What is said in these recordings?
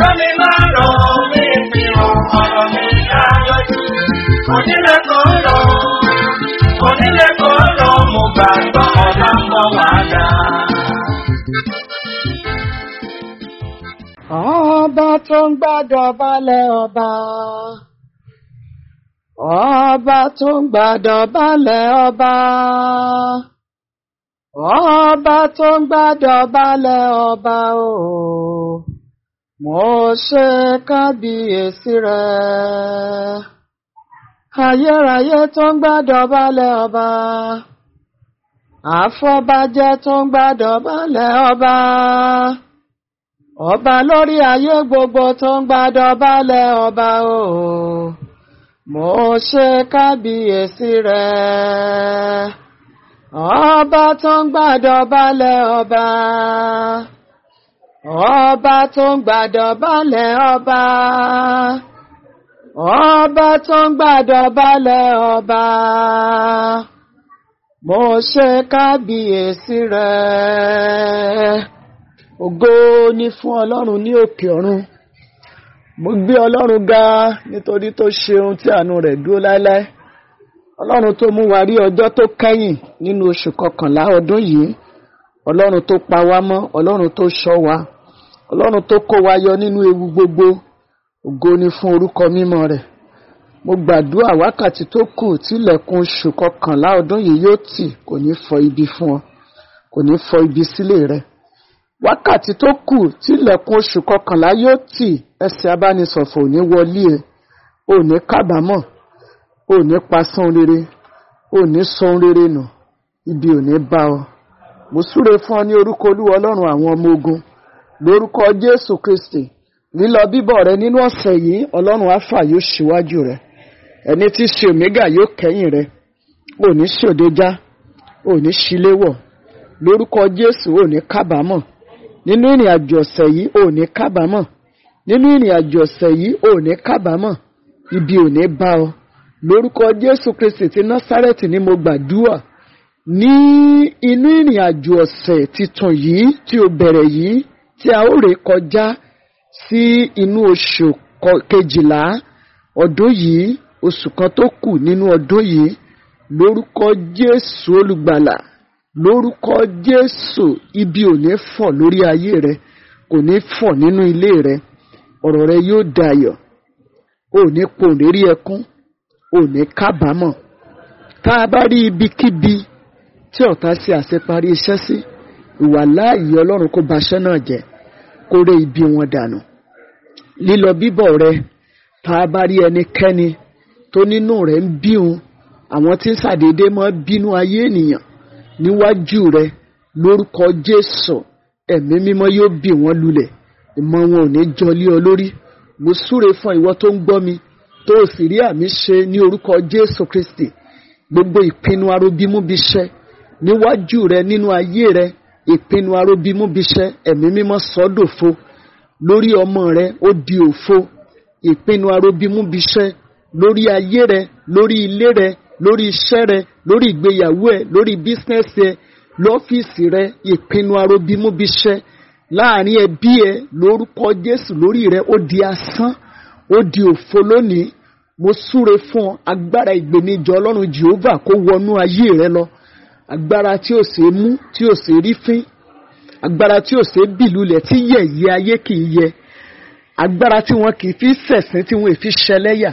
tó mi mi láyọ̀jú. Onílé kò lọ, onílé kò lọ, mo gbàgbọ́ ọ̀la ń bọ̀ wá dá. Ọba tó ń gbàdọ̀ balẹ̀ ọba. Ọba tó ń gbàdọ̀ balẹ̀ ọba. Ọba tó ń gbàdọ̀ balẹ̀ ọba o mo ṣe kábíyèsí rẹ̀ ayérayé tó ń gbádọ̀ balẹ̀ ọba àfọbàjẹ́ tó ń gbádọ̀ balẹ̀ ọba ọba lórí ayé gbogbo tó ń gbádọ̀ balẹ̀ ọba o mo ṣe kábíyèsí rẹ̀ ọba tó ń gbádọ̀ balẹ̀ ọba ọba tó ń gbàdọ̀bálẹ̀ ọba ọba tó ń gbàdọ̀bálẹ̀ ọba mo ṣe kábíyèsí rẹ ògo ni fún ọlọ́run ní òkè ọ̀run mo gbé ọlọ́run ga nítorí tó ṣeun tí àánú rẹ̀ dúró láéláé ọlọ́run tó mú wa rí ọjọ́ tó kẹ́yìn nínú oṣù kọkànlá ọdún yìí ọlọ́run tó pa wá mọ́ ọlọ́run tó ṣọ́ wa ọlọ́run tó kó wa yọ nínú ewu gbogbo ògo ni fún orúkọ mímọ́ rẹ̀ mo gbàdúrà wákàtí tó kù tilẹ̀kùn oṣù kọkànlá ọdún yìí yóò tì kò ní fọ ibi fún ọ kò ní fọ ibi sílé rẹ wákàtí tó kù tilẹ̀kùn oṣù kọkànlá yóò tì ẹsẹ̀ abánisọ̀fọ̀ ò ní wọlé ẹ e, ò ní kábàámọ̀ ò ní pasán rere ò ní sán rere nù ibi ò ní bá ọ mo súre fún ọ ní orúkọ olúwa àwọn ọmọ ogun lórúkọ Jésù Kristi lílọ bíbọ̀ rẹ nínú ọ̀sẹ̀ yìí Ọlọ́run afa yóò ṣíwájú rẹ ẹni tí ṣe omega yóò kẹ́yìn rẹ òní ṣòdejá òní ṣíléwọ̀ lórúkọ Jésù òní kábàámọ̀ nínú ìrìn àjò ọ̀sẹ̀ yìí òní kábàámọ̀ nínú ìrìn àjò ọ̀sẹ̀ yìí òní kábàámọ̀ ibi òní bá ọ lórúkọ Jésù Kristi ti Násárẹ́tì ni mo gbàdúrà ní inú ìrìn àjò ọ̀sẹ̀ titun yìí tí o bẹ̀rẹ̀ yìí tí a ó rè kọjá sí inú oṣù kejìlá ọdún yìí oṣù kan tó kù nínú ọdún yìí lórúkọ Jésù olùgbàlà lórúkọ Jésù ibi ò ní fọ̀ lórí ayé rẹ kò ní fọ̀ nínú ilé rẹ ọ̀rọ̀ rẹ yóò dayọ̀ ò ní pòǹdérí ẹkún ò ní kábàámọ̀ tá a bá rí ibikíbi tí ọ̀tá ṣe àṣeparí iṣẹ́ sí. Si ìwà láàyè ọlọ́run kó baṣẹ́ náà jẹ́ kó ré ibi wọn dànù lílọ bíbọ̀ rẹ tá a bá rí ẹnikẹ́ni tó nínú rẹ̀ ń bíun àwọn tí ń ṣàdédé máa bínú ayé ènìyàn níwájú rẹ lórúkọ jésù ẹ̀mí mímọ́ yóò bì wọ́n lulẹ̀ ìmọ̀ wọn ò ní jọlé ọ lórí mo súre fún ìwọ tó ń gbọ́ mi tó o sì rí àmì ṣe ní orúkọ jésù kristi gbogbo ìpinnu arobímúbiṣẹ́ níwájú rẹ nínú ayé rẹ ìpinnu aróbimúbiṣẹ́ ẹ̀mí mímọ́ sọ́dòfo lórí ọmọ rẹ ó di òfo ìpinnu aróbimúbiṣẹ́ lórí ayé rẹ lórí ilé rẹ lórí iṣẹ́ rẹ lórí ìgbéyàwó ẹ lórí bísínẹ́sì ẹ lọ́fíìsì rẹ ìpinnu aróbimúbiṣẹ́ láàrin ẹbí ẹ lórúkọ Jésù lórí rẹ ó di asán ó di òfo lónìí mo súre fún agbára ìgbènijà Ọlọ́run Jèhófà kó wọnú ayé rẹ lọ agbára tí ò ṣeé mú tí ò ṣeé rí fín agbára tí ò ṣeé bì lulẹ̀ tí yẹ̀yẹ́ ayé kì í yẹ agbára tí wọn kì í fi ṣẹ̀sín tí wọn fi ṣẹlẹ́yà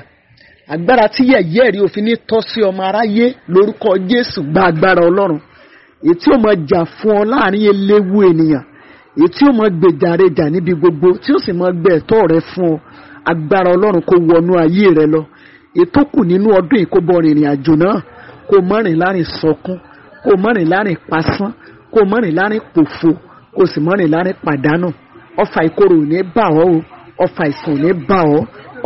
agbára tí yẹ̀yẹ́ rí òfin ní tọ́ sí ọmọ aráyé lórúkọ Jésù gba agbára Ọlọ́run èyí tí ó mọ jà fún ọ láàrin eléwu ènìyàn èyí ó mọ gbèjàrejà níbi gbogbo tí ó sì mọ gbẹ ẹ̀tọ́ rẹ fún ọ agbára Ọlọ́run kó wọnú ayé rẹ lọ ètò kù nínú ọdún ìkóbọ àjò náà kó mọ́rin láàrin sọkún kó mọ́rin láàrin pasán kó mọ́rin láàrin pòfo kó sì mọ́rin láàrin pàdánù ọfà ìkorò ò ní bà ọ́ o ọfà ìsàn ò ní bà ọ́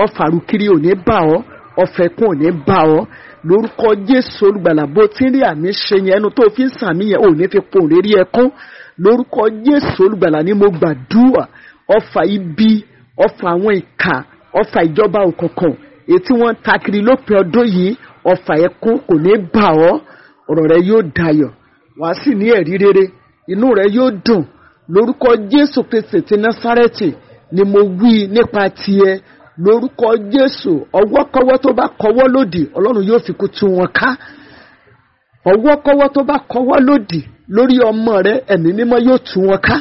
ọfà àrùkiri ò ní bà ọ́ ọfà ẹkún ò ní bà ọ́ lórúkọ Jésù olùgbàlà bó ti rí àmì ṣe yẹn ẹnu tó fi ń sàmì yẹn ò ní fi pòun rírí ẹkún lórúkọ Jésù olùgbàlà ni mo gbàdúrà ọfà ibi ọfà àwọn ìkà ọfà ìjọba òkùnkùn ètí wọn takiri lópin ọdún yìí ọfà ẹkún kò ní bà ọ́ ọ̀rọ̀ rẹ yóò dayọ̀ wàá sì ní ẹ̀rí rere inú rẹ yóò dùn lórúkọ Jésù Kristi ti Násárẹ́tì ni mo wí nípa tiẹ̀ lórúkọ Jésù ọwọ́kọ́wọ́ tó bá kọwọ́ lòdì Ọlọ́run yóò fi kú tú wọn ká ọwọ́kọ́wọ́ tó bá kọwọ́ lòdì lórí ọmọ rẹ ẹ̀mí mímọ́ yóò tú wọn ká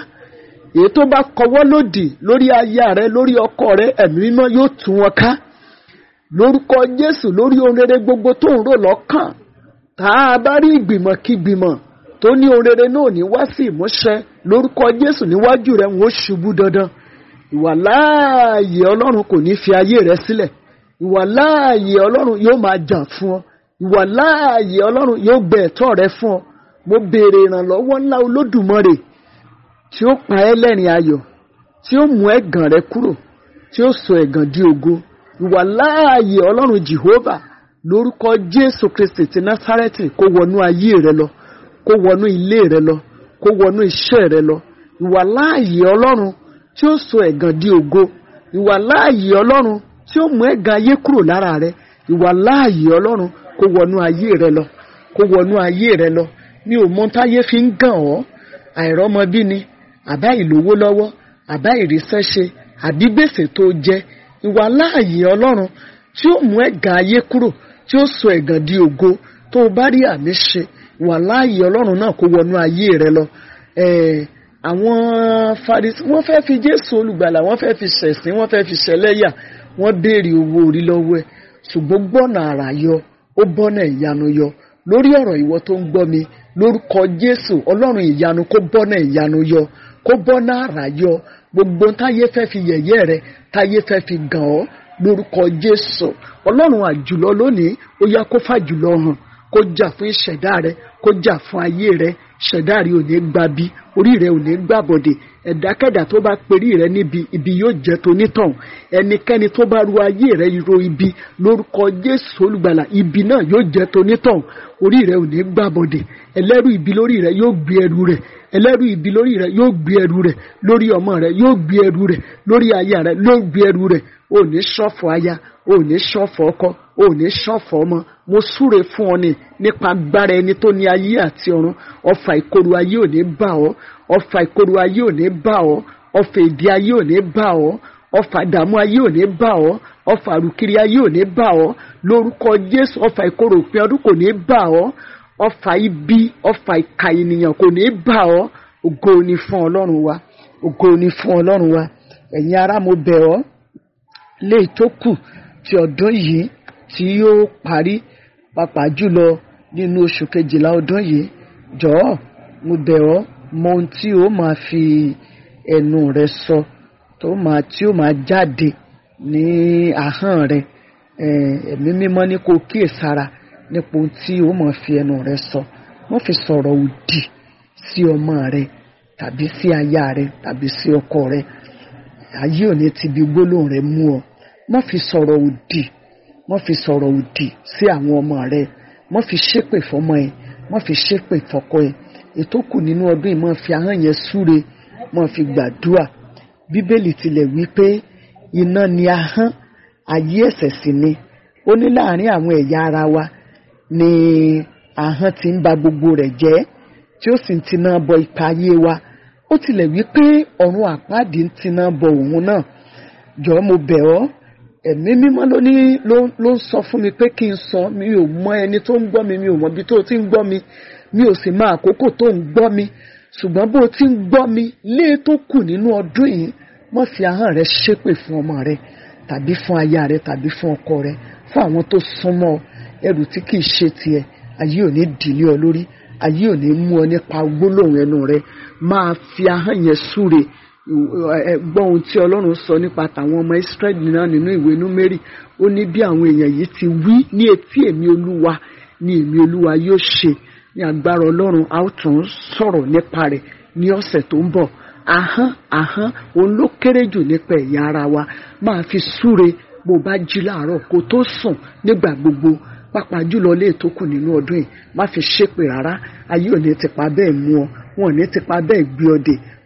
èyí tó bá kọwọ́ lòdì lórí aya rẹ lórí ọkọ rẹ ẹ̀mí mímọ́ yóò tú wọn ká lórúkọ Jésù lórí ohun rere gbogbo tó ń rò lọ́kàn tá a bá rí ìgbìmọ̀ kí gbìmọ̀ tó ní ohun rere náà ní wá sí ìmúṣẹ lórúkọ Jésù níwájú rẹ̀ ń ó ṣubú dandan ìwàláàyè Ọlọ́run kò ní fi ayé rẹ sílẹ̀ ìwàláàyè Ọlọ́run yóò máa jà fún ọ ìwàláàyè Ọlọ́run yóò gbẹ ẹ̀tọ́ rẹ fún ọ mo béèrè ìrànlọ́wọ́ ńlá Olódùmarè tí ó pa ẹ́ lẹ́rìn ayọ̀ tí ó mú ẹ̀gàn rẹ kúrò tí ó sọ ẹ̀gàn di ògo ìwàláàyè Ọlọ́run Jèhófà lórúkọ jésù kristi ti násárẹ́tì kó wọnú ayé rẹ lọ kó wọnú ilé rẹ lọ kó wọnú iṣẹ́ rẹ lọ ìwàláàyè ọlọ́run tí ó so ẹ̀gàn di ògo ìwàláàyè ọlọ́run tí ó mú ẹ̀gàn ayé kúrò lára rẹ kó wọnú ayé rẹ lọ kó wọnú ayé rẹ mi ò mọ táyé fi ń gàn ni àbá ìlówó àbá ṣe àbí gbèsè tó jẹ tí ó mú ayé kúrò tí ó sọ ẹ̀gàn di ògo tó o bá rí àmì ṣe wà láàyè ọlọ́run náà kó wọnú ayé rẹ lọ àwọn Farisí wọ́n fẹ́ fi Jésù olùgbàlà wọ́n fẹ́ fi ṣẹ̀sín wọ́n fẹ́ fi ṣẹlẹ́yà wọ́n béèrè owó orí lọ́wọ́ ẹ̀ ṣùgbọ́n gbọ́nà àrà yọ ó bọ́nà ìyanu yọ lórí ọ̀rọ̀ ìwọ tó ń gbọ́ mi lórúkọ Jésù ọlọ́run ìyanu kó bọ́nà ìyanu yọ kó bọ́nà àrà yọ gbogbo táyé fẹ́ fi yẹ̀yẹ́ rẹ táyé fẹ́ fi gàn ọ́ lórúkọ Jésù ọlọ́run àjùlọ lónìí ó yá kó fàjùlọ hàn kó jà fún ìṣẹ̀dá rẹ kó jà fún ayé rẹ ṣẹ̀dá rẹ ò ní gba bí orí rẹ ò ní gbà bọ̀dẹ̀ ẹ̀dákẹ́dà tó bá perí rẹ níbi ibi yóò jẹ́ tonítàn ẹnikẹ́ni tó bá ru ayé rẹ ro ibi lórúkọ Jésù olùgbàlà ibi náà yóò jẹ́ tonítàn orí rẹ ò ní gbà bọ̀dẹ̀ ẹlẹ́rù ibi lórí rẹ yóò gbé ẹrù rẹ ẹlẹ́rù ibi lórí rẹ yóò gbé ẹrù rẹ lórí ọmọ rẹ yóò gbé ẹrù rẹ lórí aya rẹ yóò gbé ẹrù rẹ ò ní ṣọ̀fọ̀ aya ò ṣọ̀fọ̀ ọkọ ò ṣọ̀fọ̀ ọmọ mo súre fún ọ ni nípa agbára ẹni tó ní ayé àti ọ̀run ọfà ìkorò ayé ò ní bà ọ́ ọfà ìkorò ayé ò ní bà ọ́ ọfà èdè ayé ò ní bà ọ́ ọfà ìdààmú ayé ò ní bà ọ́ ọfà àrùkiri ayé ò ní bà lórúkọ Jésù ọfà ìkorò òpin ọdún kò ní bà ọ́ ọfà ibi ọfà ìka ènìyàn kò ní bà ọ́ ògo ni fún Ọlọ́run wa ògo ni fún Ọlọ́run wa ẹ̀yin ará mo bẹ̀ ọ́ léyìí e tó ti ọdún yìí tí yóò parí pàápàá jùlọ nínú oṣù kejìlá ọdún yìí jọ̀ọ́ mo bẹ̀ ọ́ mọ ohun tí ó máa fi ẹnu rẹ sọ tó máa tí ó máa jáde ní ahọ́n rẹ ẹ̀mí mímọ́ ní kó kíyèsára nípa ohun tí ó máa fi ẹnu rẹ sọ wọ́n fi sọ̀rọ̀ òdì sí ọmọ rẹ tàbí sí aya rẹ tàbí sí ọkọ rẹ ayé òní ti bi gbólóhùn rẹ mú ọ má fi sọ̀rọ̀ òdì má fi sọ̀rọ̀ òdì sí àwọn ọmọ rẹ má fi ṣépè fọmọ ẹ má fi ṣépè fọkọ ẹ ètò kù nínú ọdún yìí má fi ahọ́n yẹn súre má fi gbàdúrà bíbélì tilẹ̀ wí pé iná ni ahọ́n ayé ẹ̀ṣẹ̀ sì ni ó ní láàrin àwọn ẹ̀yà ara wa ni ahọ́n ti ń ba gbogbo rẹ̀ jẹ́ tí ó sì ń tiná bọ ipa ayé wa ó tilẹ̀ wí pé ọ̀run àpáàdì ń tiná bọ òun náà jọ̀ọ́ mo bẹ̀ ọ́ ẹ̀mí mímọ́ ló ní ló ń sọ fún mi pé kí n sọ mi ò mọ ẹni tó ń gbọ́ mi mi ò mọ ibi tó ti ń gbọ́ mi mi ò sì mọ àkókò tó ń gbọ́ mi ṣùgbọ́n bó o ti ń gbọ́ mi lé tó kù nínú ọdún yìí má fi ahọ́n rẹ ṣépè fún ọmọ rẹ tàbí fún aya rẹ tàbí fún ọkọ rẹ fún àwọn tó súnmọ́ ẹrù tí kì ṣe tiẹ̀ ayé ò ní dìlé ọ lórí ayé ò ní mú ọ nípa gbólóhùn ẹnu rẹ máa fi ahọ́n yẹn súre gbọ́ ohun tí ọlọ́run sọ nípa tàwọn ọmọ israẹli náà nínú ìwé númérì ó ní bí àwọn èèyàn yìí ti wí ní etí èmi olúwa ní èmi olúwa yóò ṣe ní agbára ọlọ́run a ó tún sọ̀rọ̀ nípa rẹ̀ ní ọ̀sẹ̀ tó ń bọ̀ ahán ahán òun ló kéré jù nípa ẹ̀yà ara wa máa fi súre bó bá jí láàárọ̀ kó tó sùn nígbà gbogbo pàápàá jùlọ lè tó kù nínú ọdún yìí má fi ṣépè rárá ayé ò ní tipa bẹ́ẹ̀ mú ọ wọn ò ní tipa bẹ́ẹ̀ gbé ọ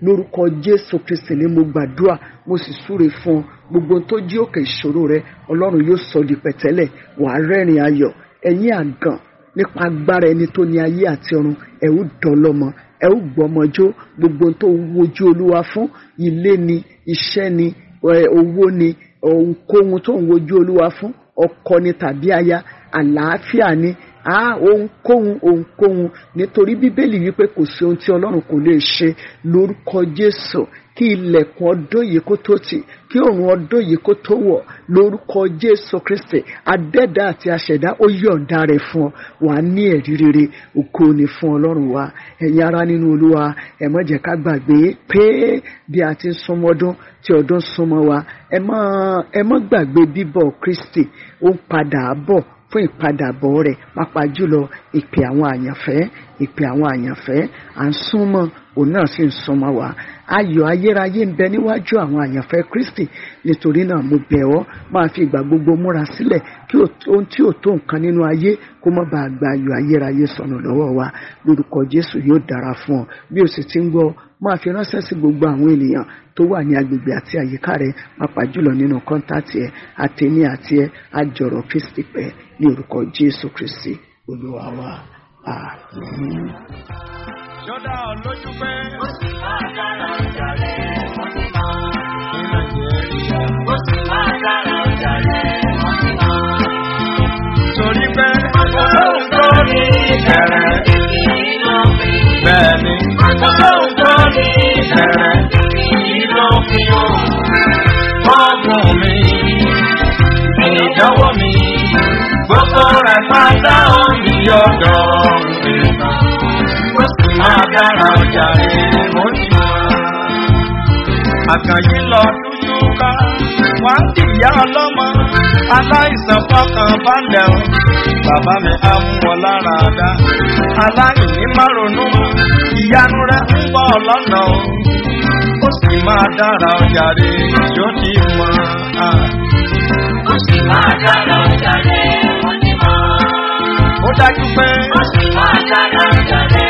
lórúkọ jésù kristi ni mo gbàdúrà mo sì súre fún ọ gbogbo tó jí òkè ìṣòro rẹ ọlọ́run yóò sọ di pẹ̀tẹ́lẹ̀ wàá rẹ́rìn ayọ̀ ẹ̀yin àgàn nípa agbára ẹni tó ní ayé àti ọ̀run ẹ̀ ó dọ́lọ́mọ ẹ ó gbọmọjó gbogbo tó wojú olúwa fún ilé ni iṣẹ́ ni owó ni ohunkóhun tó ń wojú olúwa fún ọkọ ni tàbí aya àlàáfíà ni a ohunkóhun ohunkóhun nítorí bíbélì wípé kò sí ohun tí ọlọ́run kò lè ṣe lórúkọ jésù kí ilẹ̀kùn ọdún yìí kó tó tì kí òrùn ọdún yìí kó tó wọ̀ lórúkọ jésù kristi adẹ́dá àti aṣẹ̀dá ó yọ̀ǹda rẹ̀ fún ọ wà á ní ẹ̀rí rere ògo ni fún ọlọ́run wa ẹ̀yin ará nínú olúwa ẹ má jẹ́ ká gbàgbé pé bí a ti ń súnmọ́ ọdún tí ọdún súnmọ́ wa ẹ má gbàgbé bíbọ̀ kristi ó ń padà bọ̀ fún ìpadàbọ̀ rẹ̀ pàápàá jùlọ ìpè àwọn àyànfẹ́ ìpè àwọn àyànfẹ́ à ń súnmọ́ òun náà sì ń súnmọ́ wa ayọ̀ ayérayé ń bẹ níwájú àwọn àyànfẹ́ Kristi nítorí náà mo bẹ̀ ọ́ máa fi ìgbà gbogbo múra sílẹ̀ kí ohun tí ò tó nǹkan nínú ayé kó má bàa gba ayọ̀ ayérayé sọnù lọ́wọ́ wa lórúkọ Jésù yóò dára fún ọ bí o sì ti ń gbọ́ máa fi ránṣẹ́ sí gbogbo àwọn ènìyàn tó wà ní agbègbè àti àyíká rẹ pàápàá jùlọ nínú kọ́ńtàtì ẹ àtẹ̀ní àti ẹ àjọ̀rọ̀ Kristi pẹ̀ ní orúkọ Jésù Kristi Olúwa wa. Shut ṣọ́dá look you ó dára ọjà rẹ̀ mọ́ ní wọn. Àkànyí lọ dúdú ká, wá ń dìyà ọlọ́mọ, aláìsàn fọkàn bá ń dẹ̀rùn. Bàbá mi á mú wọn lára dá. Aláìní má ronú mọ́, ìyanu rẹ̀ ń bọ̀ lọ́nà o. Ó sì máa dára ọjà rẹ̀ yóò ní mọ́. Ó sì máa dára ọjà rẹ̀ mọ́ ní Ó dájú pé. Ó sì máa dára ọjà rẹ̀.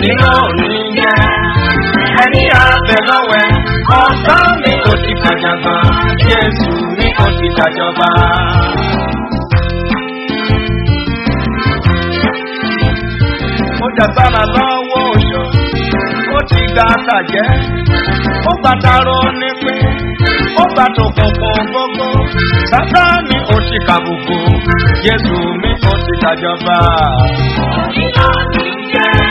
ní òní yẹ. Ẹni mi kò ti kàjàgbá, mi kò ti kàjọba. Ó dàgbára lọ́wọ́ òyò, ó ti ga àtàjẹ́, ó gbàdárò nípín, ó gbàdókòkò gbogbo, bàbá mi ò ti kàbùkù, Jésù mi kò ti kàjọba. Òní náà ti jẹ́.